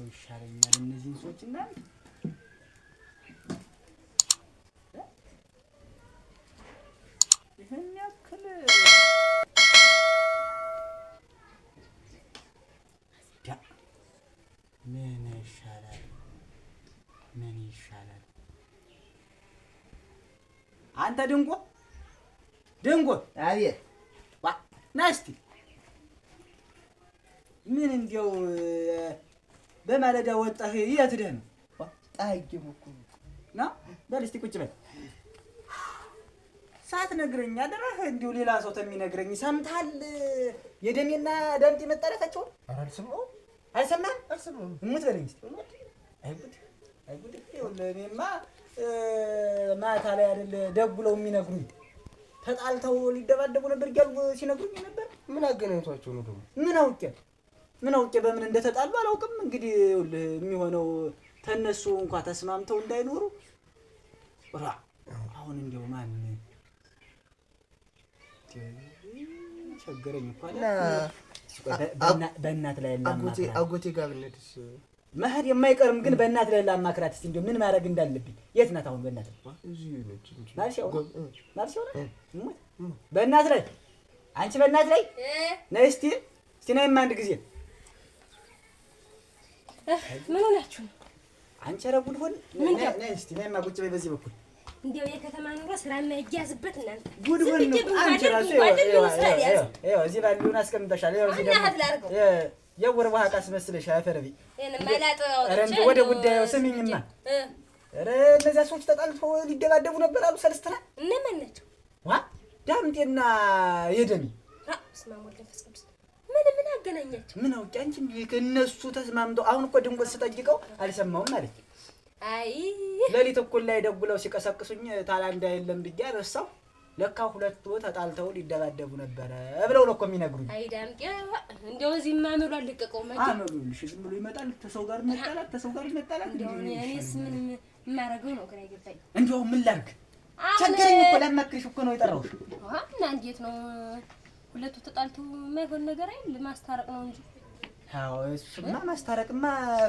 ባጠጣቸው ይሻለኛል እነዚህን ሰዎች እና ይህን ያክል ምን ይሻላል? ምን ይሻላል? አንተ ድንጎ ድንጎ፣ አቤት። ና እስኪ ምን እንዲያው በማለዳ ወጣህ የት ደህን ና በል እስኪ ቁጭ በል ሳትነግረኝ አደረህ እንዲሁ ሌላ ሰው ተሚነግረኝ ሰምታል የደሜና ዳምጤ መጣላታቸውን አልሰማሁም። አልሰማህም? አልሰማሁም። እምትበለኝ እስኪ እኔማ ማታ ላይ አይደለ ደውለው የሚነግሩኝ ተጣልተው ሊደባደቡ ነበር እያሉ ሲነግሩኝ ነበር። ምን አገናኝቷቸው ነው ደግሞ ምን አውቄያለሁ ምን አውቄ በምን እንደተጣሉ አላውቅም። እንግዲህ የሚሆነው ተነሱ እንኳ ተስማምተው እንዳይኖሩ ራ አሁን እንደው ማን ቸገረኝ እኮ በእናት ላይ አጎቴ ጋር ብንሄድስ መሄድ የማይቀርም ግን በእናት ላይ ላማክራት እስኪ እንደው ምን ማድረግ እንዳለብኝ። የት ናት አሁን በእናት ላይ በእናት ላይ አንቺ በእናት ላይ ነይ እስኪ እስኪ አንድ ጊዜ ምን ሆናችሁ ነው? አንጨረቡን ሆን ነይ እስኪ ነይማ ቁጭ በይ በዚህ በኩል እንዲያው የከተማ ኑሮ ስራ የማይያዝበት እናንተ ጉድ ሆን ነው። አንቺ ራሱ ይኸው እዚህ ባሉን አስቀምጠሻል። ይኸው እዚህ ደግሞ የወር ውሃ ዕቃ አስመስለሻል። አፈረቢ ኧረ እንደው ወደ ጉዳዩ ስሚኝማ። ኧረ እነዚያ ሰዎች ተጣልቶ ሊደባደቡ ነበር አሉ ሰለስትራ። እነማን ናቸው? ዋ ዳምጤና የደሜ ምን ምን አገናኛቸው? ምን አውቄ አንቺ እነሱ ተስማምተው አሁን እኮ ድንጎት ስጠይቀው አልሰማውም አለች። አይ ሌሊት እኩል ላይ ደውለው ሲቀሰቅሱኝ ታላንዳ የለም ብዬ ረሳው። ለካ ሁለቱ ተጣልተው ሊደባደቡ ነበረ ብለው ነው እኮ የሚነግሩኝ። አይ ዳምጤ፣ እንደው እዚህ ማምሩ አልለቀቀው ማለት ልሽ ዝም ብሎ ይመጣል። ተሰው ጋር መጣላት፣ ተሰው ጋር መጣላት። እንደው እኔስ ምን የማደርገው ነው ግራ ይገባኝ። እንደው ምን ላድርግ? ቸገረኝ እኮ ላማክርሽ እኮ ነው የጠራሁሽ። እና እንዴት ነው ሁለቱ ተጣልቶ የማይሆን ነገር አይደል? ማስታረቅ ነው እንጂ። አዎ እሱማ ማስታረቅማ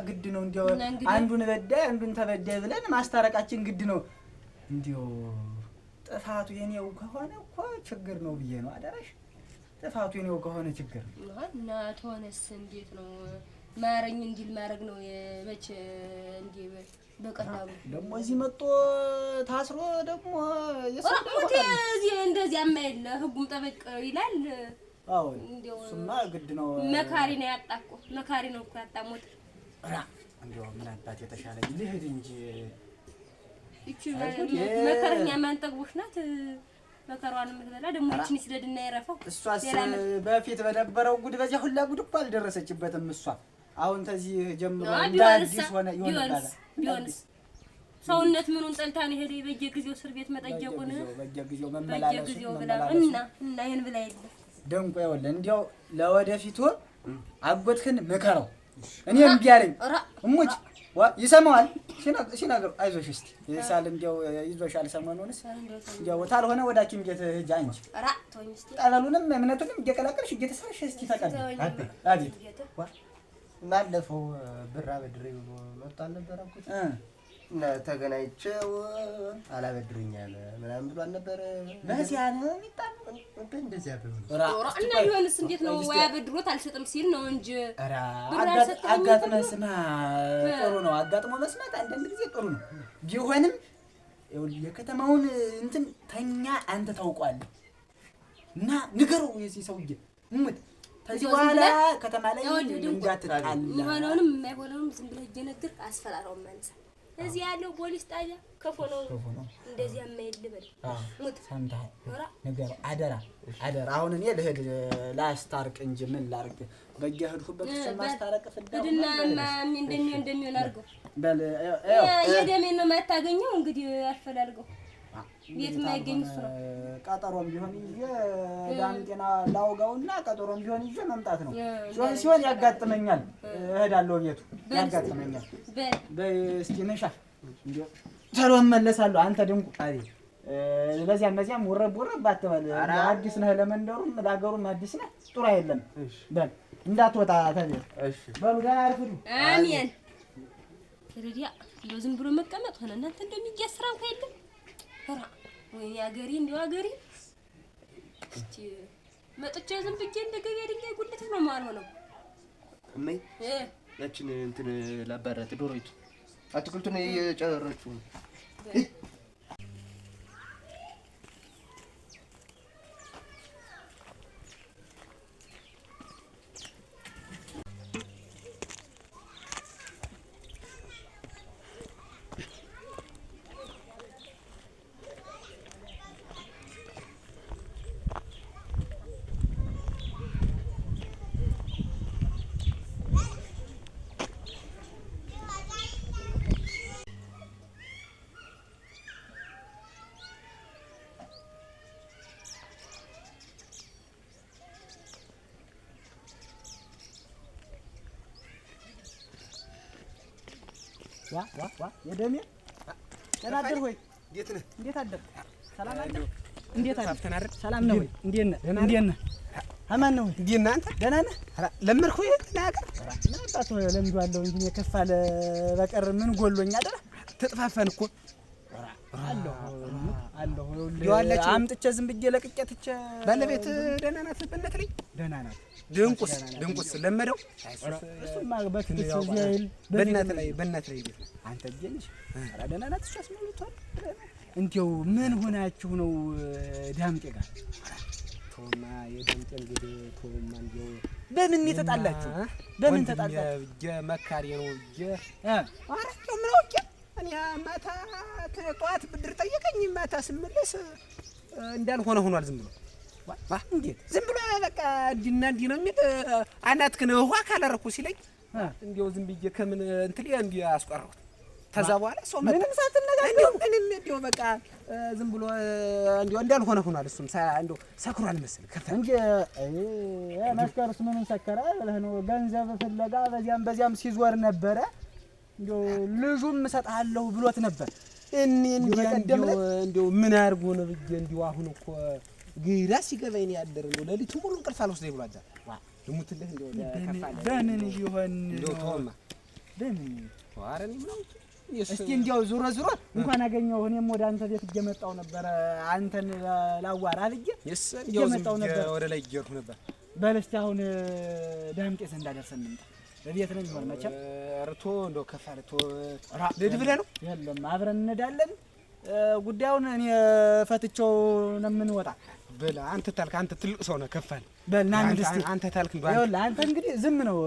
ግድ ነው። እንዲያው አንዱን በዳይ አንዱን ተበዳይ ብለን ማስታረቃችን ግድ ነው። እንዲያው ጥፋቱ የኔው ከሆነ እኮ ችግር ነው ብዬ ነው አዳራሽ ጥፋቱ የኔው ከሆነ ችግር ነው። እና ተሆነስ እንዴት ነው? ማረኝ እንዲል ማድረግ ነው። መቼ እንዲ በቀላሉ ደግሞ እዚህ መጦ ታስሮ ደግሞ የሰሙት እዚህ እንደዚህ አማይል ህጉም ጠበቅ ይላል። አዎ እሱማ ግድ ነው። መካሪ ነው ያጣቆ መካሪ ነው እኮ ያጣሞት ራ ምን አባት የተሻለ ልሂድ እንጂ እቺ መከረኛ ማን ናት። መከሯን የምትበላ ደግሞ እቺን ሲለድና የረፈው እሷስ በፊት በነበረው ጉድ በዚያ ሁላ ጉድ እኮ አልደረሰችበትም እሷ አሁን ተዚህ ጀምሮ እንዳዲስ ሆነ ይሆናል። ቢሆንስ ሰውነት ምኑን ጠልታን ሄደ በየጊዜው እስር ቤት መጠየቁን በየጊዜው መመላለሱ እና እና ይሄን ብላ ይል ደንቆ ይወለ እንዲያው ለወደፊቱ አጎትህን ምከረው። እኔ እምቢ አለኝ እሙጭ ይሰማዋል ሲነግረው አይዞሽ እስቲ ይሳል እንዲያው ይዞሻል። ሰሞኑንስ እንዲያው ታልሆነ ወደ ሐኪም ቤት ሂጂ አንቺ ጠለሉንም እምነቱንም እየቀላቀልሽ እየተሰረሽ እስቲ ተቀበል አቤት ባለፈው ብር አበድሬው መጥቶ አልነበረ እኮ እና ተገናኝቼው አላበድረኛል ምናምን ብሎ አልነበረ። በዚያ ነው እንደዚያ እና ዮሐንስ እንዴት ነው ወይ አበድሮት አልሰጥም ሲል ነው እንጂ አጋጥመ ስማ፣ ጥሩ ነው። አጋጥሞ መስማት አንዳንድ ጊዜ ጥሩ ነው። ቢሆንም የከተማውን እንትን ተኛ አንተ ታውቋል እና ንገረው የዚህ ሰውዬ ሙት ከዚህ በኋላ ከተማ ላይ እንዳትጣላሆነውንም የማይሆነውንም ዝም ብለህ እየነገርክ አስፈራራው ማንሳ እዚህ ያለው ፖሊስ ጣቢያ ከፎ ነው። እንደዚህ የማይልበል ነገር አደራ አደራ። አሁን እኔ ልሄድ ላስታርቅ እንጂ ምን ላርግ? በጊያ ሄድኩበት ማስታረቅ ፍዳድና እንደሚሆን እንደሚሆን አድርገው የደሜን ነው የማታገኘው እንግዲህ አፈላልገው ቤት የማይገኝ እሱ ነው። ቀጠሮም ቢሆን ይዤ ዳምጤና ላውጋውና ቀጠሮም ቢሆን ይዤ መምጣት ነው። ሲሆን ሲሆን ያጋጥመኛል፣ እሄዳለሁ ቤቱ ያጋጥመኛል። በይ እስኪ ነሻ እመለሳለሁ። አንተ ድንቁ በዚያም በዚያም ውረብ ውረብ አትበል። አዲስ ነህ፣ ለመንደሩም ለሀገሩም አዲስ ነህ። ጥሩ አይደለም። በል እንዳትወጣ ተቤት። በሉ ደህና አርፍዱ። አሜን። ረዲያ ዝም ብሎ መቀመጥ ሆነ። እናንተ እንደሚያስራ እንኳ የለም ወይኔ አገሬ እንዲያው አገሬ እስቲ መጥቼ ዝም ብዬ እንደ ገበያ ድንጋይ ጉልት ነው የማልሆነው። እመይ ያችን እንትን ላባራት ዶሮይቱ አትክልቱን እየጨረረችው ዋ ዋ ዋ የደሜ ደህና አደር ወይ? እንዴት ነህ? እንዴት አደርክ? ሰላም አደርክ? እንዴት አደርክ? ሰላም ነው ወይ? እንዴት ነህ? እንዴት ነህ? አማን ነው ወይ? እንዴት ደህና ነህ? ለመድኩ ይሄን ነገር ምን አባቱ ለምጄዋለሁ እንጂ የከፋ በቀር ምን ጎሎኛ አደራ ተጥፋፈን እኮ አለሁ አለሁ። ይኸውልህ አምጥቼ ዝም ብዬ ለቅቄ ትቼ ባለቤት ደህና ናት፣ በእናትህ ልኝ ደህና ናት። ድንቁስ ድንቁስ ለመደው እሱማ በትንሽ ይል በእናትህ ላይ በእናትህ ላይ አንተ ልጅ ኧረ ደህና ናት። እሷስ መልቷል። እንዲያው ምን ሆናችሁ ነው ዳምጤ ጋር ቶማ የዳምጤ እንግዲህ ቶማ እንዲያው በምን የተጣላችሁ በምን ተጣላችሁ? መካሪ ነው እ ኧረ እኔ ማታ ጠዋት ብድር ጠየቀኝ። ማታ ስመለስ እንዳልሆነ ሆኗል። ዝም ብሎ እንዴት ዝም ብሎ በቃ እንዲና እንዲህ ነው የሚል አናትክን ውሃ ካላረኩ ሲለኝ እንዲያው ዝም ብዬ ከምን እንትል እንዲ አስቆረሁት። ከዛ በኋላ ሰው ምንም ሳትነጋገሩ ምንም እንዲያው በቃ ዝም ብሎ እንዲያው እንዳልሆነ ሆኗል። እሱም እንዲያው ሰክሯል መሰለኝ ከፍታ እንጂ መስከሩስ ምኑን ሰከረ ብለህ ነው ገንዘብ ፍለጋ በዚያም በዚያም ሲዞር ነበረ ልጁም እሰጥሃለሁ ብሎት ነበር። እኔ እንዲያው ምን አድርጎ ነው ብዬ እንዲያው አሁን እኮ ግራ ሲገባኝ ነው ያደረ። ነው ሌሊቱ ሙሉ እንቅልፍ አልወስደኝ ብሏል። ልሙትልህ እንዲያው ለከፋለህ። በምን ይሆን እንዲያው ተወማ በምን ኧረ እስኪ እንዲያው ዙሮ ዙሮ እንኳን አገኘው። እኔም ወደ አንተ ቤት እየመጣሁ ነበረ አንተን ላዋራ ብዬ እየመጣሁ ነበር ወደ ላይ እየሄድኩ ነበር በለስቲ አሁን ዳምጤ ዘንድ እንምጣ። በቤት ነው የሚሆን መቼም እርቶ እንደው ከፋ ልቶ ልድ ብለህ ነው የለም፣ አብረን እንዳለን ጉዳዩን እኔ ፈትቼው ነው የምንወጣ። በል አንተ ታልክ፣ አንተ ትልቅ ሰው ነህ፣ ከፋል በል ና አንተ ታልክ እንደው አንተ አንተ እንግዲህ ዝም ነው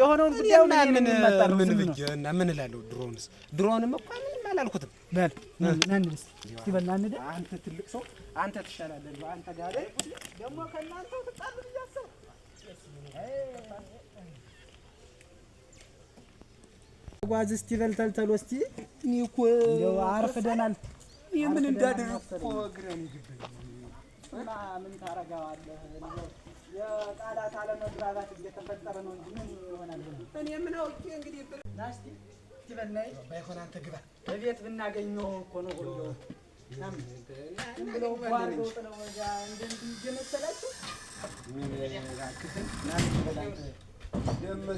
የሆነውን ጉዳዩን ምን ምን ብዬ እና ምን እላለሁ። ድሮንስ ድሮንም እኮ ምንም አላልኩትም በል አንተ ትልቅ ሰው አንተ ትሻላለህ። አንተ ጋር ደግሞ ከእናንተው ትጣሉ ብያሰው ጓዝ እስቲ በል ተልተሎ እስቲ እኔ አርፍደናል። ምን እንዳደረኩ እኮ ግረን ምን ታረጋዋለህ? የቃላት አለመግባባት እየተፈጠረ ነው እንጂ ምን ይሆናል? እኔ ምን አውቄ እንግዲህ በቤት ብናገኘው እኮ ነው ሁሉ ብለው ጥለው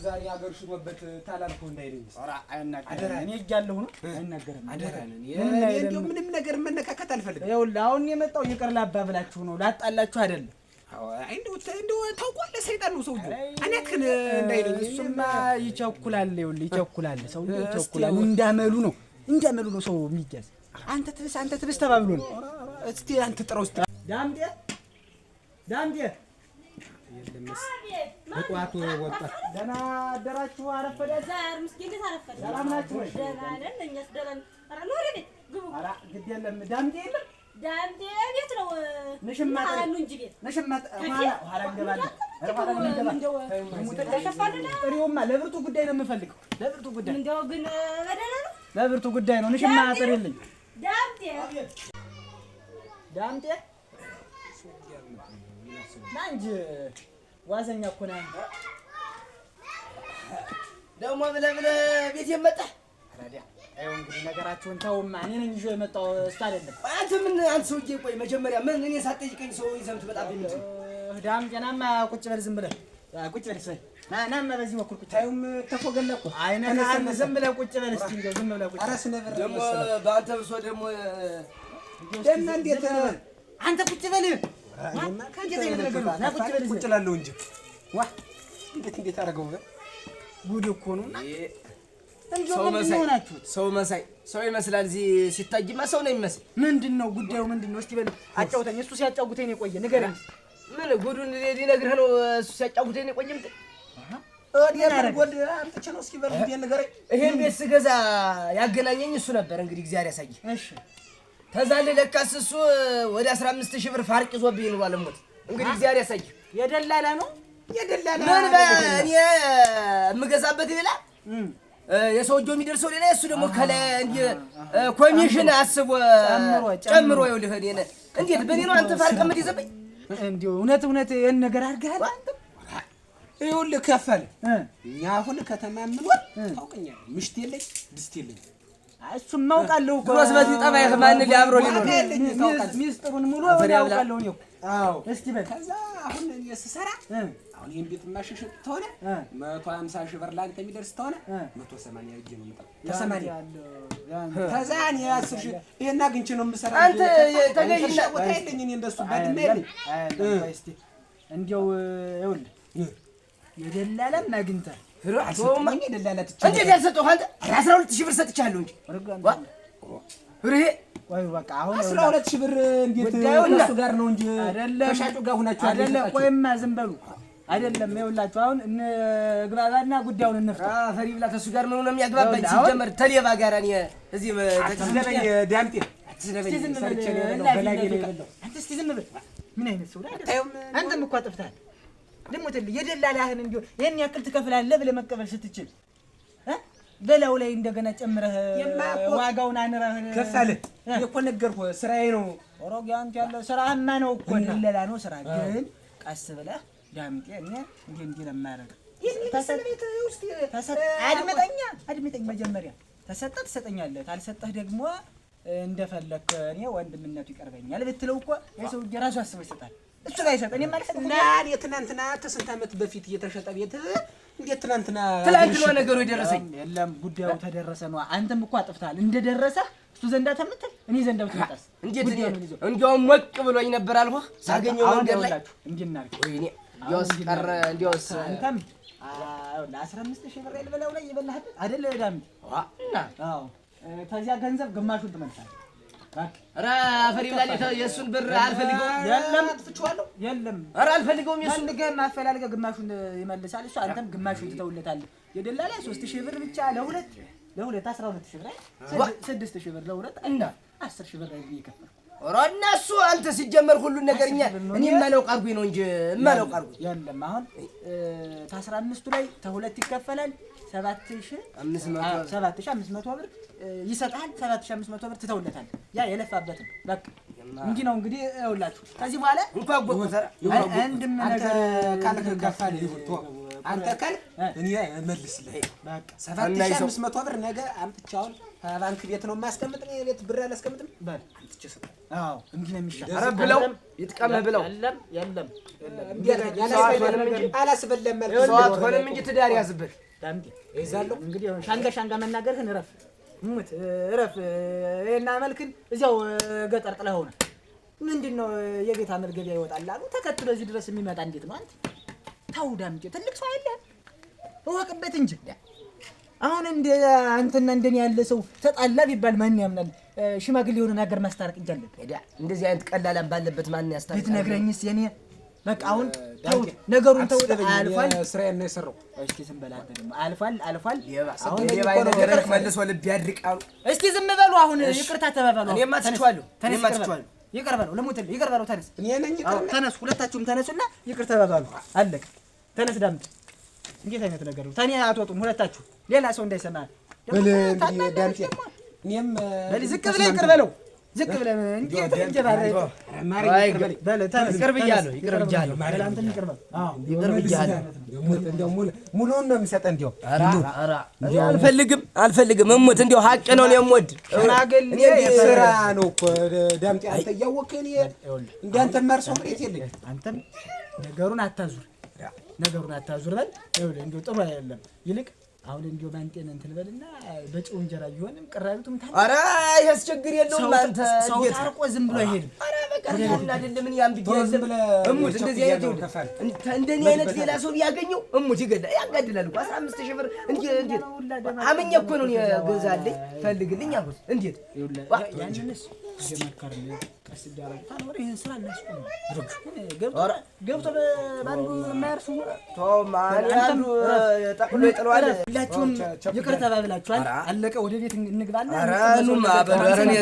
ዛሬ ታላልኮ አይናገርም። ምንም ነገር መነካከት አልፈልግም። ይኸውልህ አሁን የመጣው ይቅር ላባብላችሁ ነው፣ ላጣላችሁ አይደለም። ሰይጣን ነው ሰውዬው። እሱማ ይቸኩላል። ይኸውልህ ይቸኩላል፣ ሰውዬው ይቸኩላል። እንዳመሉ ነው እንዲያመሉ ነው ሰው የሚያዝ። አንተ ትብስ አንተ ትብስ ተባብሎ ነው። እስቲ አንተ ጥራው እስቲ ዳምጤ ዳምጤ በጠዋቱ ወጣ። ደህና አደራችሁ። አረፈደ ምስኪን ግድ የለም ቤት ነው አሉ እንጂ ቤት ኋላ ለብርቱ ጉዳይ ነው የምፈልገው ለብርቱ ጉዳይ እንደው ግን በብርቱ ጉዳይ ነው። ንሽማ አጥርልኝ ዳምጤ ዳምጤ ና እንጂ ዋዘኛ እኮ ነህ አንተ። ደግሞ ብለህ ብለህ ቤት የመጣህ ይኸው እንግዲህ ነገራችሁን ተውማ። እኔ ነኝ ይዤው የመጣው እሱ አይደለም። አንተ ምን አንተ ሰውዬ፣ ቆይ መጀመሪያ ምን እኔ ሳትጠይቀኝ ሰው ይዘህ የምትመጣብኝ ምንድን ነው? ዳምጤናማ ቁጭ በል ዝም ብለህ ቁጭ በል ናና በዚህ በኩል ቁጭ ታዩም ተፎገለ እኮ ዝም ብለህ ቁጭ በል እስቲ እንደው ዝም ብለህ ቁጭ አራስ ነበር ደግሞ በአንተ ብሶ ደግሞ ደና እንዴት አንተ ቁጭ በል ቁጭ እላለሁ እንጂ ዋ እንዴት እንዴት አደረገው ጉድ እኮ ነው ሰው መሳይ ሰው ይመስላል። እዚህ ሲታይማ ሰው ነው የሚመስል። ምንድን ነው ጉዳዩ? ምንድን ነው? እስቲ በል አጫውተኝ። እሱ ሲያጫውተኝ የቆየ ንገረኝ። ምን ጉዱን ሊነግርህ ነው? እሱ ሲያጫውተኝ የቆየ ይሄን ቤት ስገዛ ያገናኘኝ እሱ ነበር። እንግዲህ እግዚአብሔር ያሳየህ። ለካስ እሱ ወደ 15 ሺህ ብር ፋርቅ ይዞብኝ ነው ባለሞት። እንግዲህ እግዚአብሔር ያሳይ። የደላላ ነው የደላላ ምን በእኔ የምገዛበት ሌላ የሰው እጆ የሚደርሰው ሌላ እሱ ደግሞ ከላይ ኮሚሽን አስቦ ጨምሮ ይኸውልህ፣ እንዴት በእኔ ነው አንተ ፋርቅ የምትይዘብኝ? እንዲሁ እውነት እውነት ይህን ነገር አድርገሃል። ይኸውልህ ከፈለ እኛ አሁን ከተማ የምንሆን ታውቀኛለህ። ምሽት የለኝ ድስት የለኝ። እሱም አውቃለሁ እኮ ድሮስ በዚህ ጠባይህ ማን ሊያብሮ ሚስጥሩን ሙሉ አውቃለሁ እኔ እኮ በል ከዛ አሁን ስሰራ አሁን ይህን ቤት የማሸሸጥ ተሆነ መቶ ሀምሳ ሺህ ብር ለአንተ የሚደርስ ተሆነ መቶ ሰማንያ ብዬ ነው የምጠ ተሰማንያ ከዛ እኔ አስር ሺህ ይሄን አግኝቼ ነው የምሰራ። አንተ ተገኝሻ ቦታ የለኝ እኔ እንደሱ ባድመ የለኝ እንዲያው ይኸውልህ የደላላም አግኝተህ እንዴት ያልሰጠሁህ አስራ ሁለት ሺህ ብር ሰጥቻለሁ እንጂ አስራ ሁለት ሺህ ብር እንዴት እነሱ ጋር ነው እንጂ ከሻጩ ጋር ሁናችሁ አይደለ? ቆይማ ዝም በሉ። አይደለም ይኸውላችሁ፣ አሁን እንግባባና ጉዳዩን እንፍታ። ፈሪ ብላ ከእሱ ጋር ምን የሚያግባባኝ? ሲጀመር ተሌባ ጋር እኔ እዚህ አትስለበኝ፣ ዳምጤ አትስለበኝ። ዝም በል አንተ፣ ምን አይነት ሰው አንተም እኮ አጥፍተሃል። ልሙትልህ የደላላህን እንዲሁ ይህን ያክል ትከፍላለህ ብለህ መቀበል ስትችል በላው ላይ እንደገና ጨምረህ ዋጋውን አንረህ ከሳልህ እኮ ነገርኩህ። ስራዬ ነው ኦሮጊያን ያለው ስራህማ ነው እኮ ለላ ነው ስራ ግን ቀስ ብለህ ዳምጤ እኔ እንዲህ እንዲህ ለማድረግ አድምጠኛ አድምጠኝ መጀመሪያ ተሰጠህ ትሰጠኛለህ፣ ካልሰጠህ ደግሞ እንደፈለክ እኔ ወንድምነቱ ይቀርበኛል ብትለው እኮ የሰው ራሱ አስበው ይሰጣል። እሱ ላይ ሸጠ። እኔ ማለት እና የትናንትና ከስንት ዓመት በፊት እየተሸጠ ቤት እንዴት ትናንትና ትላንት ነው ነገሩ የደረሰኝ። የለም ጉዳዩ ተደረሰ ነው። አንተም እኮ አጥፍተሃል። እንደደረሰ እሱ ዘንዳ ተምትል እኔ ዘንዳው ተመጣስ። እንዴት እንዲያውም ሞቅ ብሎኝ ነበር አልኩህ ሳገኘው መንገድ ላይ እንዲናል። ወይኔ ዲዮስ ቀረ ዲዮስ አንተም አስራ አምስት ሺህ ብር ልበላው ላይ የበላህበት አይደለ? ዳሚ እና አዎ፣ ከዚያ ገንዘብ ግማሹን ትመልሳለህ ኧረ አፈር ይብላኝ የእሱን ብር አልፈልገውም። የለም ትቼዋለሁ። አልፈልገውም። የእሱን ገም አፈላልገህ ግማሹን ይመልሳል እሱ፣ አንተም ግማሹን ትተውለታለህ። የደላላ ሦስት ሺህ ብር ብቻ ለሁለት ለሁለት አስራ ሁለት ሺህ ብር ስድስት ሺህ ብር ለሁለት እና አስር ሺህ ብር እየከፈልኩ እነሱ አንተ ሲጀመር ሁሉን ነገር እኛ እኔ የማላውቅ አድርጉኝ ነው እንጂ የማላውቅ አድርጉኝ። የለም አሁን ከአስራ አምስቱ ላይ ተሁለት ይከፈላል ሰባት ሺህ አምስት መቶ ብር ይሰጣል። 7500 ብር ትተውለታል። ያ የለፋበት ነው። በቃ እንዲህ ነው እንግዲህ። ይኸውላችሁ ከዚህ በኋላ አንድም ነገር ካልክ ከፋል ይሁን ቶ አንተ ካልክ እኔ መልስልህ። በቃ 7500 ብር ነገ አምጥቻውን ባንክ ቤት ነው የማስቀምጥ። እኔ ቤት ብር አላስቀምጥም። በል አምጥቼ ሰጠህ። አዎ እንዲህ ነው የሚሻለው። ኧረ ብለው ይጥቀምህ ብለው የለም የለም አላስበለም። መልክ ሰዋት ሆነም እንጂ ትዳር ያዝብህ። ዳምጤ ይዛለሁ እንግዲህ ሻንጋ ሻንጋ መናገርህን እረፍ ሙት እረፍ። እና መልክን እዚያው ገጠር ጥለህ ሆነ ምንድን ነው የጌታ መልገቢያ ይወጣል አሉ። ተከትሎ እዚህ ድረስ የሚመጣ እንዴት ነው አንተ? ተው ዳምጬ፣ ትልቅ ሰው አይደለም እወቅበት እንጂ። አሁን እንደ አንተና እንደኔ ያለ ሰው ተጣላ ቢባል ማን ያምናል? ሽማግሌ የሆነ ነገር ማስታረቅ እንጂ አለብህ። እንደዚህ አይነት ቀላላም ባለበት ማን ያስታርቃል? ብትነግረኝስ የኔ በቃ አሁን ነገሩን ተው፣ አልፏል። ስራዬን ነው የሰራው። እስቲ ዝም በል ደግሞ አልፏል፣ አልፏል። አሁን ሌባ ነገር መልሶ ልብ ያድርቃሉ። እስቲ ዝም በሉ አሁን፣ ይቅርታ ተባባሉ። እኔማ ትችዋለሁ፣ እኔማ ትችዋለሁ። ይቅር በለው፣ ልሙትልህ፣ ይቅር በለው። ተነስ፣ እኔ ነኝ። ተነሱ፣ ሁለታችሁም ተነሱና ይቅር ተባባሉ። አለቀ። ተነስ፣ ዳምጥ። እንዴት አይነት ነገር ነው? ተኔ አትወጡም ሁለታችሁ፣ ሌላ ሰው እንዳይሰማ። ዝቅ ብለህ ይቅር በለው ዝቅ ብለን እንጀት እንጀራ አልፈልግም፣ አልፈልግም። እሙት እንደው ሀቅ ነው የምወድ ሽማግሌ ስራ ነው እኮ ዳምጤ። አንተ እያወቅህ እኔ እንዳንተ የማርሰው መሬት የለኝም። አንተም ነገሩን አታዙር፣ ነገሩን አታዙር በል። ይኸውልህ እንደው ጥሩ አይደለም፣ ይልቅ አሁን እንዲያው ባንጤን እንትን በልና በጨው እንጀራ ቢሆንም ቅራቢቱም ታዲያ አረ ያስቸግር የለውም። አንተ ሰው ታርቆ ዝም ብሎ ይሄድ። አረ በቃ አይደለም እኔ አንብዬ እሙት እንደዚህ አይነት እንደኔ አይነት ሌላ ሰው ቢያገኘው እሙት ይገድላል፣ ያጋድላል እኮ አስራ ሺህ ብር እንዴ አመኛ እኮ ነው ገዛልኝ ፈልግልኝ አልኩት እንዴት እየመከር ቀስ እያደረግን ይቅር ተባብላችኋል። አለቀ። ወደ ቤት እንግባለን።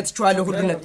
ትችዋለሁ ሁሉነት